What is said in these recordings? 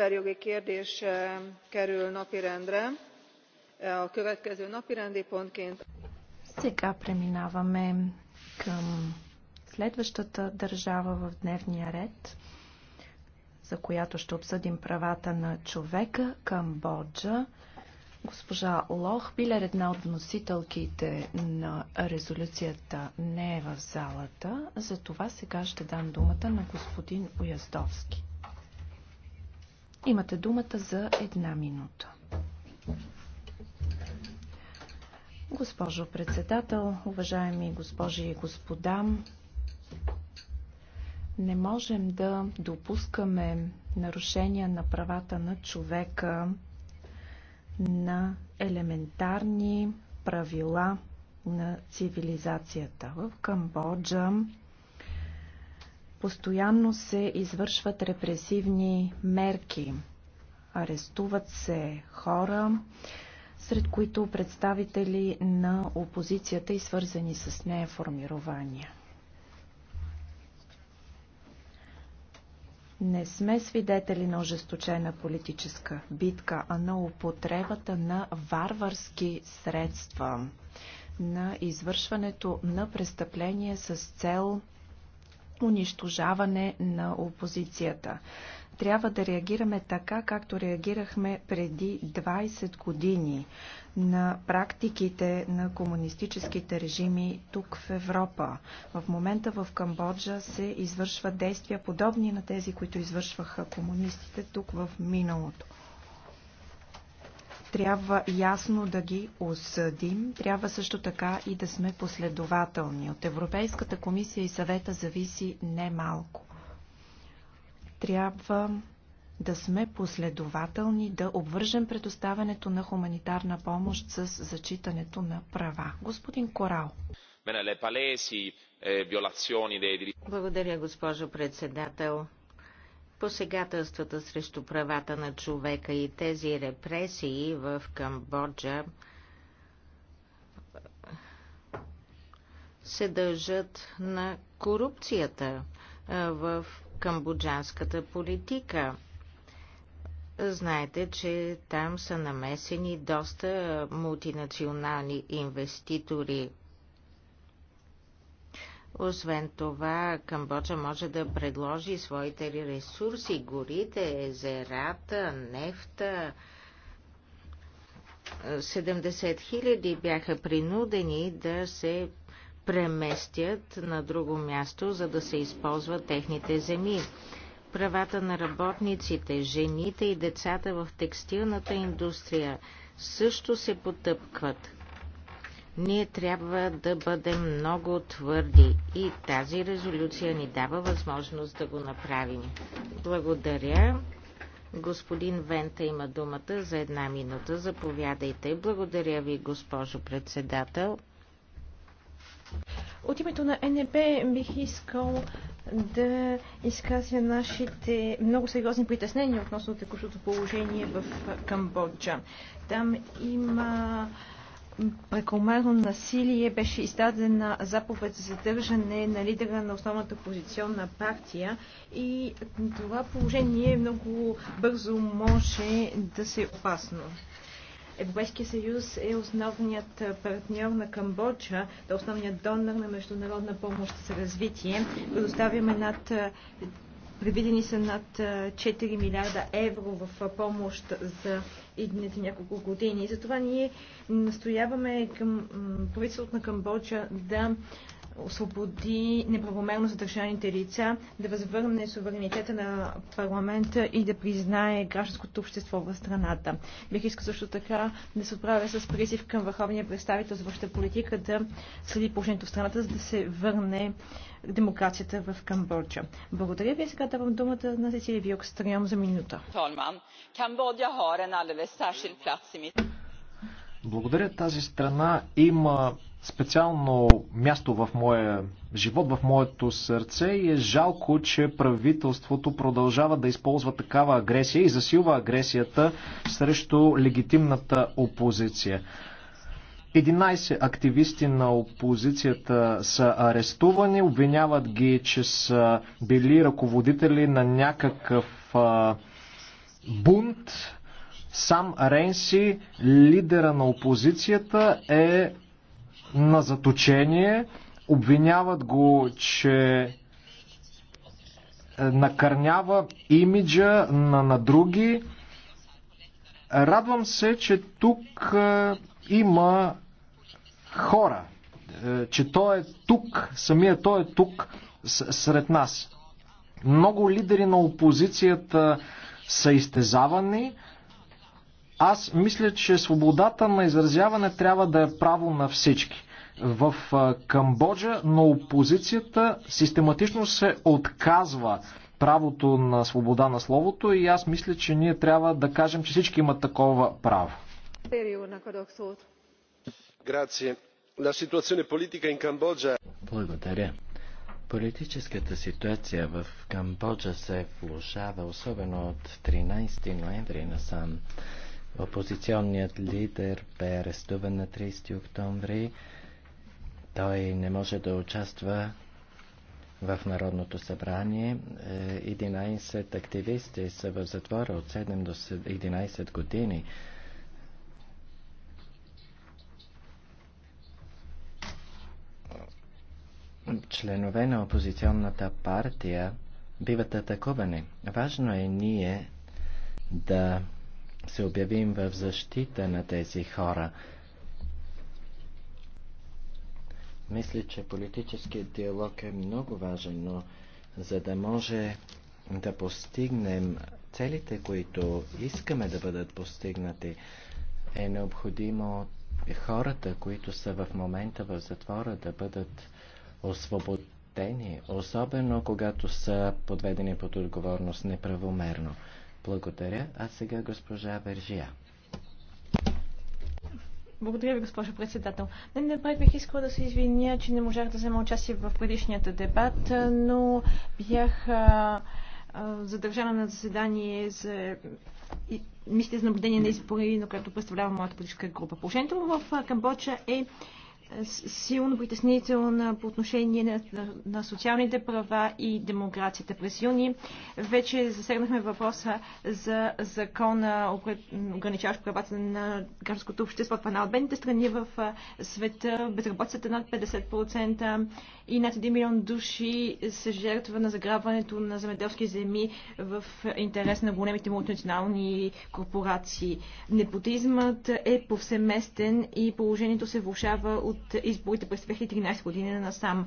emberjogi kérdés eh, kerül napirendre eh, a következő napirendi pontként. Сега преминаваме към следващата държава в дневния ред, за която ще обсъдим правата на човека, Камбоджа. Госпожа Лох Билер, една от вносителките на резолюцията, не е в залата. За това сега ще дам думата на господин Уяздовски. Имате думата за една минута. Госпожо председател, уважаеми госпожи и господа, не можем да допускаме нарушения на правата на човека на елементарни правила на цивилизацията. В Камбоджа Постоянно се извършват репресивни мерки. Арестуват се хора, сред които представители на опозицията и свързани с нея формирования. не сме свидетели на ожесточена политическа битка, а на употребата на варварски средства, на извършването на престъпления с цел унищожаване на опозицията. Трябва да реагираме така, както реагирахме преди 20 години на практиките на комунистическите режими тук в Европа. В момента в Камбоджа се извършват действия подобни на тези, които извършваха комунистите тук в миналото трябва ясно да ги осъдим, трябва също така и да сме последователни. От Европейската комисия и съвета зависи не малко. Трябва да сме последователни, да обвържем предоставянето на хуманитарна помощ с зачитането на права. Господин Корал. Eh, Благодаря, госпожо председател посегателствата срещу правата на човека и тези репресии в Камбоджа се дължат на корупцията в камбоджанската политика. Знаете, че там са намесени доста мултинационални инвеститори. Освен това, Камбоджа може да предложи своите ресурси, горите, езерата, нефта. 70 хиляди бяха принудени да се преместят на друго място, за да се използват техните земи. Правата на работниците, жените и децата в текстилната индустрия също се потъпкват. Ние трябва да бъдем много твърди и тази резолюция ни дава възможност да го направим. Благодаря. Господин Вента има думата за една минута. Заповядайте. Благодаря ви, госпожо председател. От името на НЕП бих искал да изказя нашите много сериозни притеснения относно текущото положение в Камбоджа. Там има прекомерно насилие беше издадена заповед за задържане на лидера на основната позиционна партия и това положение много бързо може да се опасно. Европейския съюз е основният партньор на Камбоджа, да е основният донор на международна помощ за развитие. Предоставяме над предвидени са над 4 милиарда евро в помощ за идните няколко години. Затова ние настояваме към правителството на Камбоджа да освободи неправомерно задържаните лица, да възвърне суверенитета на парламента и да признае гражданското общество в страната. Бих искал също така да се отправя с призив към върховния представител за въща политика да следи положението в страната, за да се върне демокрацията в Камбоджа. Благодаря ви. Сега давам думата на Сесилия Вилкстрям за минута. Благодаря. Тази страна има специално място в моя живот, в моето сърце и е жалко, че правителството продължава да използва такава агресия и засилва агресията срещу легитимната опозиция. 11 активисти на опозицията са арестувани, обвиняват ги, че са били ръководители на някакъв а, бунт. Сам Ренси, лидера на опозицията, е на заточение. Обвиняват го, че е, накърнява имиджа на, на други Радвам се, че тук е, има хора, е, че той е тук, самия той е тук сред нас. Много лидери на опозицията са изтезавани. Аз мисля, че свободата на изразяване трябва да е право на всички. В е, Камбоджа на опозицията систематично се отказва правото на свобода на словото и аз мисля, че ние трябва да кажем, че всички имат такова право. Благодаря. Политическата ситуация в Камбоджа се влушава, особено от 13 ноември насам. Опозиционният лидер бе арестуван на 30 октомври. Той не може да участва в Народното събрание. 11 е, активисти са в затвора от 7 до 11 години. Членове на опозиционната партия биват атакувани. Важно е ние да се обявим в защита на тези хора. Мисля, че политическият диалог е много важен, но за да може да постигнем целите, които искаме да бъдат постигнати, е необходимо хората, които са в момента в затвора, да бъдат освободени, особено когато са подведени под отговорност неправомерно. Благодаря, а сега госпожа Вержия. Благодаря ви, госпожо председател. Не, напред бих искала да се извиня, че не можах да взема участие в предишният дебат, но бях а, а, задържана на заседание за мисля за наблюдение на избори, но което представлява моята политическа група. Положението в Камбоджа е силно притеснителна по отношение на, на, на социалните права и демокрацията. През юни вече засегнахме въпроса за закона, ограничаващ правата на гражданското общество. в Това е на бедните страни в света. Безработицата е над 50% и над 1 милион души се жертва на заграбването на земеделски земи в интерес на големите мултинационални корпорации. Непотизмът е повсеместен и положението се влушава от от изборите през 2013 година на сам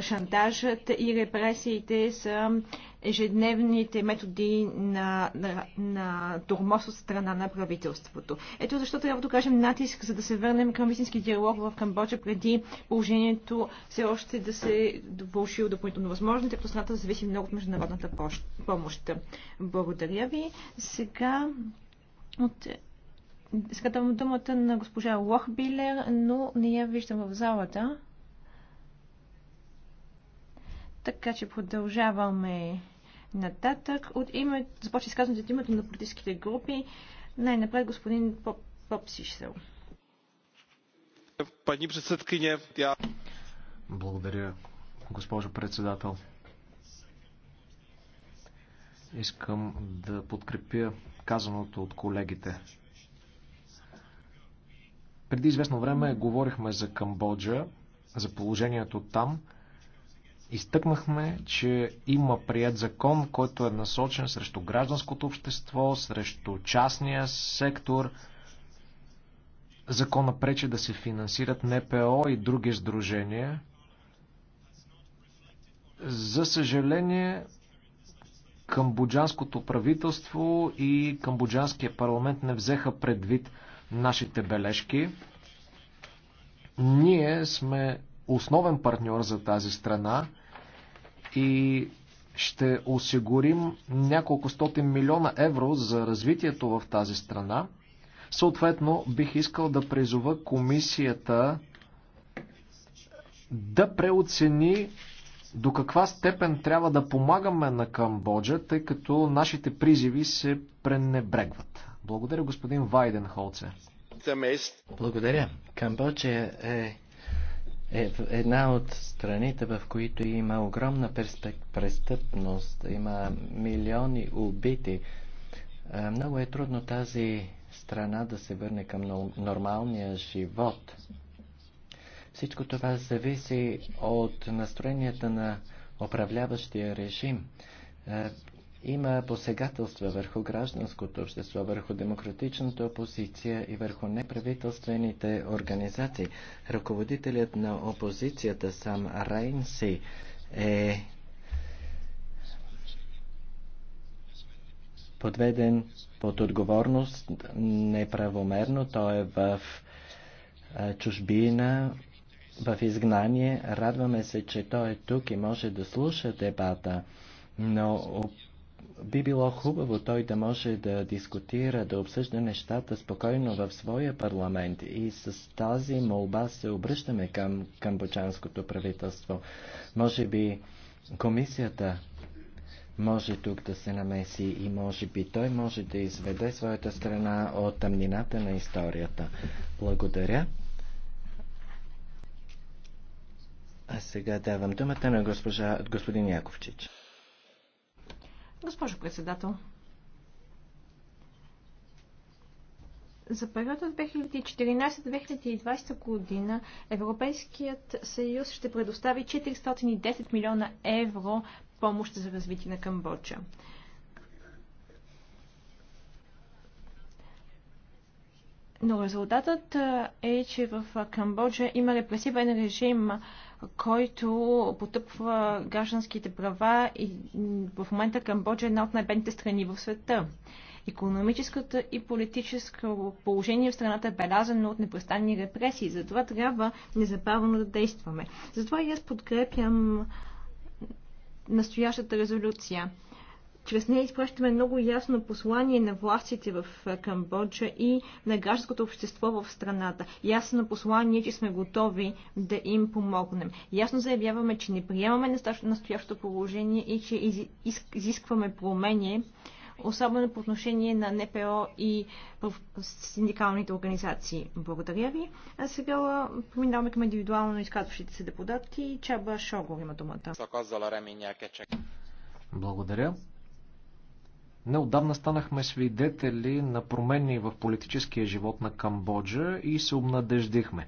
Шантажът и репресиите са ежедневните методи на, на, на тормоз от страна на правителството. Ето защо трябва да кажем натиск, за да се върнем към истински диалог в Камбоджа преди положението все още да се довърши допълнително възможно, тъй като страната зависи много от международната помощ. Благодаря ви. Сега от сега давам думата на госпожа Лохбилер, но не я виждам в залата. Така че продължаваме нататък. От име, започва изказването от името на политическите групи. Най-напред господин Попсишел. Пани председкиня, я... Благодаря, госпожо председател. Искам да подкрепя казаното от колегите. Преди известно време говорихме за Камбоджа, за положението там. Изтъкнахме, че има прият закон, който е насочен срещу гражданското общество, срещу частния сектор. Закона пречи да се финансират НПО и други сдружения. За съжаление, камбоджанското правителство и камбоджанския парламент не взеха предвид нашите бележки. Ние сме основен партньор за тази страна и ще осигурим няколко стотин милиона евро за развитието в тази страна. Съответно, бих искал да призова комисията да преоцени до каква степен трябва да помагаме на Камбоджа, тъй като нашите призиви се пренебрегват. Благодаря, господин Вайден Холце. Благодаря. Камбоджа е, е една от страните, в които има огромна престъпност, има милиони убити. Е, много е трудно тази страна да се върне към нормалния живот. Всичко това зависи от настроенията на управляващия режим. Е, има посегателства върху гражданското общество, върху демократичната опозиция и върху неправителствените организации. Ръководителят на опозицията сам Райнси е подведен под отговорност неправомерно. Той е в чужбина, в изгнание. Радваме се, че той е тук и може да слуша дебата, но би било хубаво той да може да дискутира, да обсъжда нещата спокойно в своя парламент и с тази молба се обръщаме към камбоджанското правителство. Може би комисията може тук да се намеси и може би той може да изведе своята страна от тъмнината на историята. Благодаря. А сега давам думата на госпожа, господин Яковчич. Госпожо председател, За периода 2014-2020 година Европейският съюз ще предостави 410 милиона евро помощ за развитие на Камбоджа. Но резултатът е, че в Камбоджа има репресивен режим, който потъпва гражданските права и в момента Камбоджа е една от най-бедните страни в света. Економическото и политическо положение в страната е белязано от непрестанни репресии. Затова трябва незабавно да действаме. Затова и аз подкрепям настоящата резолюция. Чрез нея изпращаме много ясно послание на властите в Камбоджа и на гражданското общество в страната. Ясно послание, че сме готови да им помогнем. Ясно заявяваме, че не приемаме настоящото положение и че изискваме промени, особено по отношение на НПО и синдикалните организации. Благодаря ви. А сега преминаваме към индивидуално изказващите се депутати. Чаба Шогов има думата. Благодаря. Неодавна станахме свидетели на промени в политическия живот на Камбоджа и се обнадеждихме.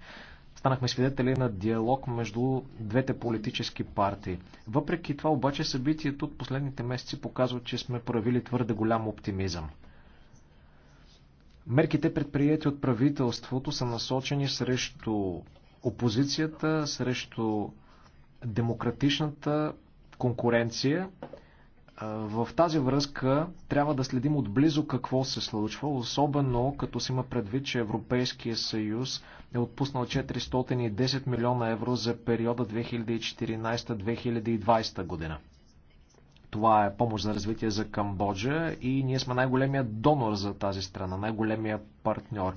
Станахме свидетели на диалог между двете политически партии. Въпреки това обаче събитието от последните месеци показва, че сме проявили твърде голям оптимизъм. Мерките предприяти от правителството са насочени срещу опозицията, срещу демократичната конкуренция в тази връзка трябва да следим отблизо какво се случва, особено като си има предвид, че Европейския съюз е отпуснал 410 милиона евро за периода 2014-2020 година. Това е помощ за развитие за Камбоджа и ние сме най-големия донор за тази страна, най-големия партньор.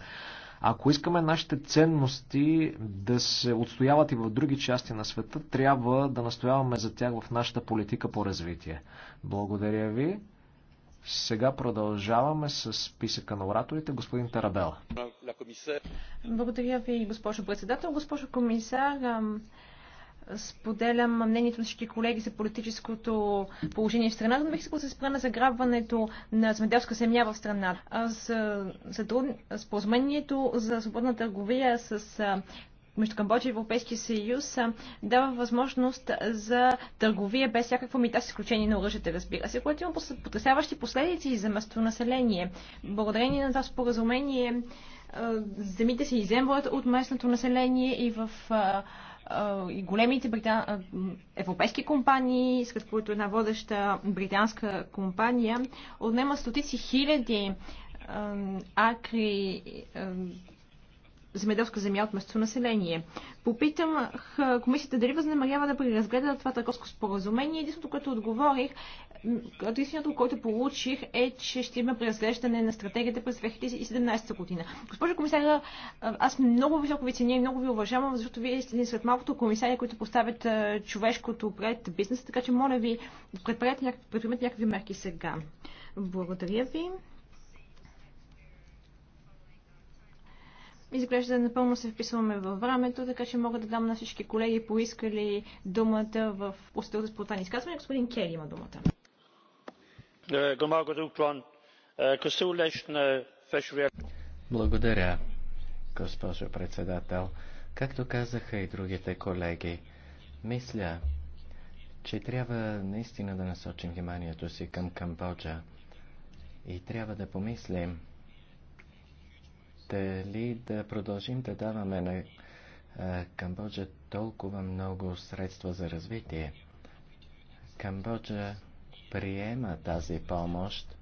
Ако искаме нашите ценности да се отстояват и в други части на света, трябва да настояваме за тях в нашата политика по развитие. Благодаря ви. Сега продължаваме с списъка на ораторите. Господин Тарабела. Благодаря ви, госпожо председател. Госпожо комисар, Споделям мнението на всички колеги за политическото положение в страната, но бих искал да се спра на заграбването на земеделска земя в страната. А с, Споразумението за свободна търговия с между Камбоджа и Европейския съюз дава възможност за търговия без всякаква мита, с изключение на оръжията, разбира се, което има потрясаващи последици за местонаселение. Благодарение на това споразумение земите се иземват от местното население и в и големите британ, европейски компании, сред които една водеща британска компания, отнема стотици хиляди акри земеделска земя от местото население. Попитам комисията дали възнамерява да преразгледа това търговско споразумение. Единственото, което отговорих, като истината, което получих, е, че ще има преразглеждане на стратегията през 2017 година. Госпожо комисаря, аз много високо ви ценя и много ви уважавам, защото вие сте сред малкото комисари, които поставят човешкото пред бизнеса, така че моля ви, предприемете някакви мерки сега. Благодаря ви. Изглежда напълно се вписваме във времето, така че мога да дам на всички колеги, поискали думата в устил за спонтанни изказване. Господин Кели има думата. Благодаря, госпожо председател. Както казаха и другите колеги, мисля, че трябва наистина да насочим вниманието си към Камбоджа и трябва да помислим дали да продължим да даваме на е, Камбоджа толкова много средства за развитие. Камбоджа приема тази помощ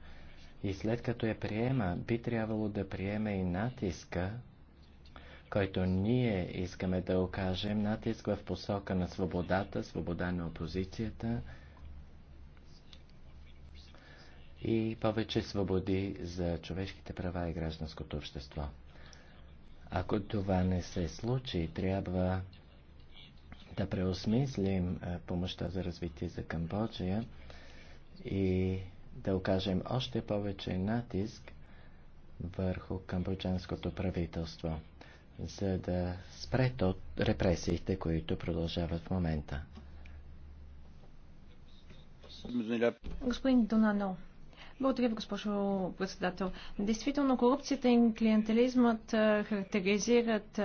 и след като я приема, би трябвало да приеме и натиска, който ние искаме да окажем, натиск в посока на свободата, свобода на опозицията, и повече свободи за човешките права и гражданското общество. Ако това не се случи, трябва да преосмислим е, помощта за развитие за Камбоджия и да окажем още повече натиск върху камбоджанското правителство, за да спре от репресиите, които продължават в момента. Господин Донано, благодаря ви, госпожо председател. Действително, корупцията и клиентелизмът характеризират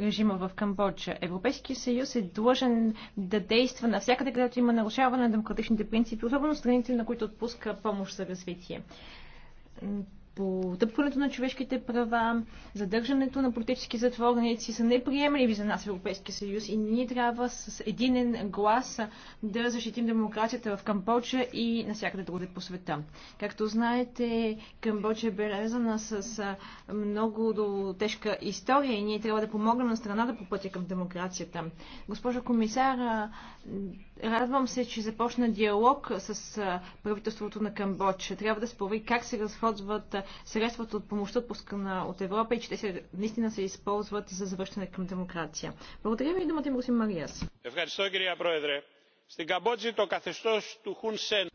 режима в Камбоджа. Европейския съюз е длъжен да действа навсякъде, където има нарушаване на демократичните принципи, особено страните, на които отпуска помощ за развитие тъпването на човешките права, задържането на политически затворници са неприемливи за нас в Европейския съюз и ние трябва с единен глас да защитим демокрацията в Камбоджа и навсякъде другаде по света. Както знаете, Камбоджа е белезана с много тежка история и ние трябва да помогнем на страната по пътя към демокрацията. Госпожо комисар, Радвам се, че започна диалог с правителството на Камбоджа. Трябва да спори как се разходват средствата от помощта отпускана от Европа и че те се, наистина се използват за завършване към демокрация. Благодаря ви и думата им, Мариас.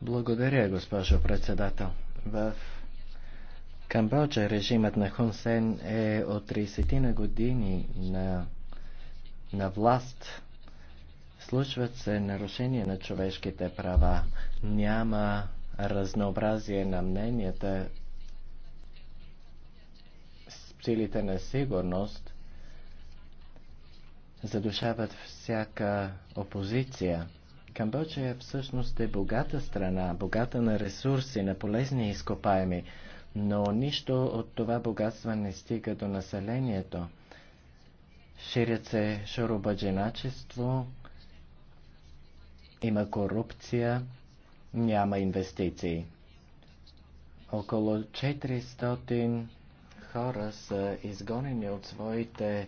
Благодаря, госпожо председател. В Камбоджа режимът на Хунсен е от 30 на години на, на власт Случват се нарушения на човешките права. Няма разнообразие на мненията. Силите на сигурност задушават всяка опозиция. Камбоджа е всъщност е богата страна, богата на ресурси, на полезни изкопаеми, но нищо от това богатство не стига до населението. Ширят се шорубадженачество, има корупция, няма инвестиции. Около 400 хора са изгонени от своите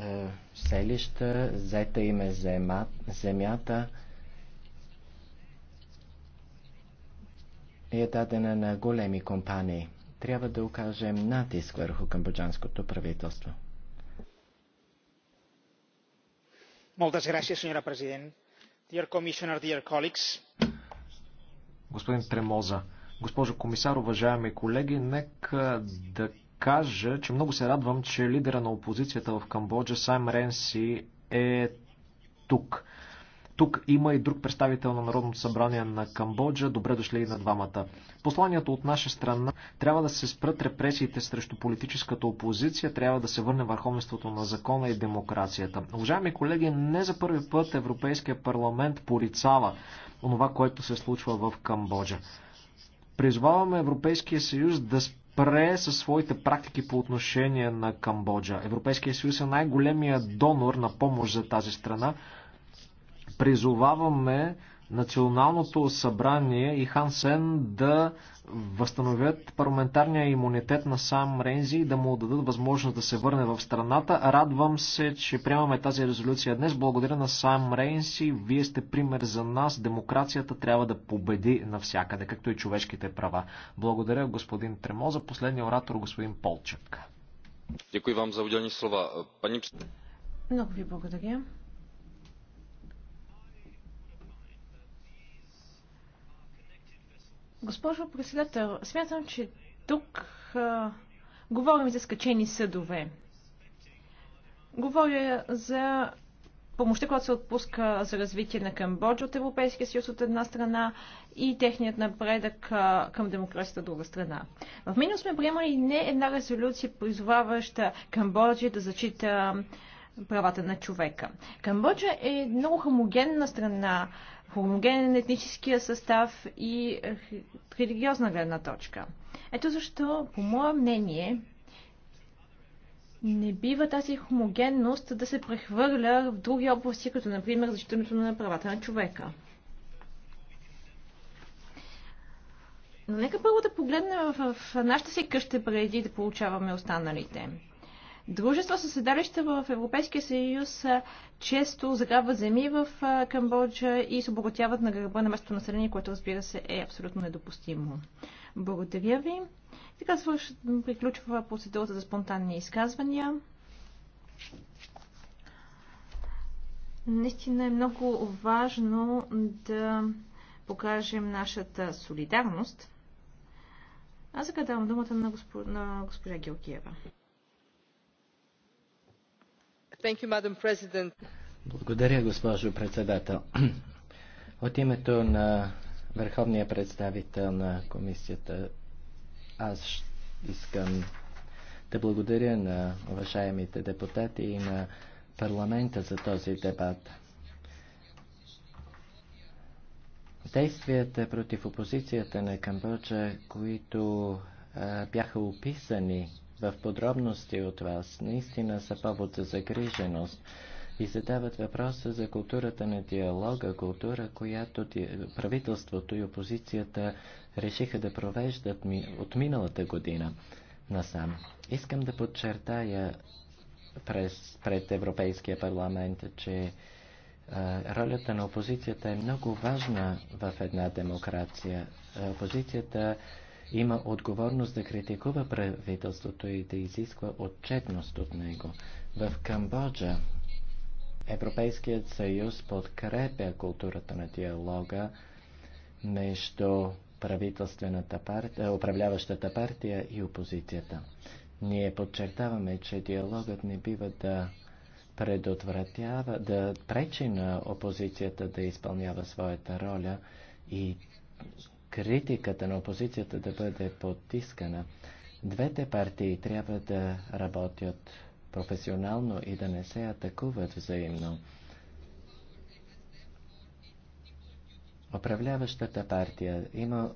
е, селища, зета им е зема, земята и е дадена на големи компании. Трябва да окажем натиск върху камбоджанското правителство. Moltes gràcies, senyora president. Господин Тремоза, госпожо комисар, уважаеми колеги, нека да кажа, че много се радвам, че лидера на опозицията в Камбоджа, Сайм Ренси, е тук. Тук има и друг представител на Народното събрание на Камбоджа. Добре дошли и на двамата. Посланието от наша страна трябва да се спрат репресиите срещу политическата опозиция, трябва да се върне върховенството на закона и демокрацията. Уважаеми колеги, не за първи път Европейския парламент порицава онова, което се случва в Камбоджа. Призваваме Европейския съюз да спре със своите практики по отношение на Камбоджа. Европейския съюз е най-големия донор на помощ за тази страна призоваваме Националното събрание и Хан Сен да възстановят парламентарния имунитет на Сам Рензи и да му дадат възможност да се върне в страната. Радвам се, че приемаме тази резолюция днес. Благодаря на Сам Рензи. Вие сте пример за нас. Демокрацията трябва да победи навсякъде, както и човешките права. Благодаря господин Тремо за последния оратор, господин Полчък. Дякую вам за отделени слова. Пани... Много ви благодаря. Госпожо председател, смятам, че тук а, говорим за скачени съдове. Говоря за помощта, която се отпуска за развитие на Камбоджа от Европейския съюз от една страна и техният напредък към демокрацията от друга страна. В минус сме приемали не една резолюция, призоваваща Камбоджа да зачита правата на човека. Камбоджа е много хомогенна страна хомогенен етническия състав и религиозна гледна точка. Ето защо, по мое мнение, не бива тази хомогенност да се прехвърля в други области, като например защитането на правата на човека. Но нека първо да погледнем в нашата си къща преди да получаваме останалите. Дружества със седалища в Европейския съюз често заграбват земи в Камбоджа и се обогатяват на гърба на местното население, което разбира се е абсолютно недопустимо. Благодаря ви. Така свърш, приключва процедурата за спонтанни изказвания. Наистина е много важно да покажем нашата солидарност. Аз загадавам думата на, на госпожа Георгиева. Благодаря, госпожо председател. От името на върховния представител на комисията аз искам да благодаря на уважаемите депутати и на парламента за този дебат. Действията против опозицията на Камбоджа, които а, бяха описани в подробности от вас, наистина са повод за загриженост и задават въпроса за културата на диалога, култура, която правителството и опозицията решиха да провеждат ми от миналата година насам. Искам да подчертая през, пред Европейския парламент, че ролята на опозицията е много важна в една демокрация. Опозицията има отговорност да критикува правителството и да изисква отчетност от него. В Камбоджа Европейският съюз подкрепя културата на диалога между правителствената партия, е, управляващата партия и опозицията. Ние подчертаваме, че диалогът не бива да предотвратява, да пречи на опозицията да изпълнява своята роля и критиката на опозицията да бъде потискана. Двете партии трябва да работят професионално и да не се атакуват взаимно. Управляващата партия има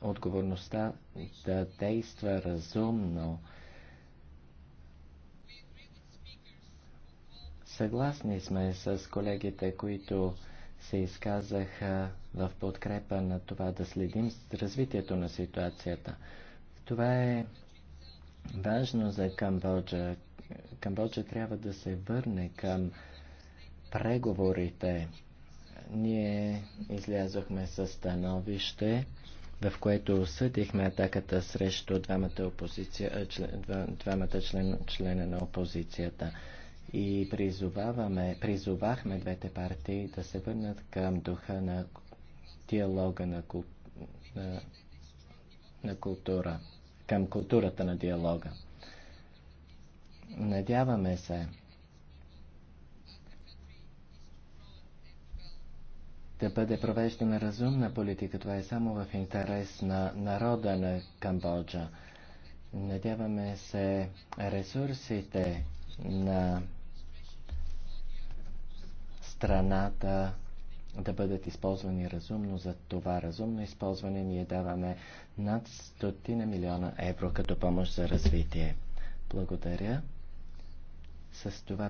отговорността да действа разумно. Съгласни сме с колегите, които се изказаха в подкрепа на това да следим развитието на ситуацията. Това е важно за Камбоджа. Камбоджа трябва да се върне към преговорите. Ние излязохме със становище, в което осъдихме атаката срещу двамата, опозиция, двамата член, члена на опозицията и призоваваме, призовахме двете партии да се върнат към духа на диалога на, кул... на... на култура, към културата на диалога. Надяваме се да бъде провеждана разумна политика. Това е само в интерес на народа на Камбоджа. Надяваме се ресурсите на страната да бъдат използвани разумно. За това разумно използване ние даваме над 100 милиона евро като помощ за развитие. Благодаря. С това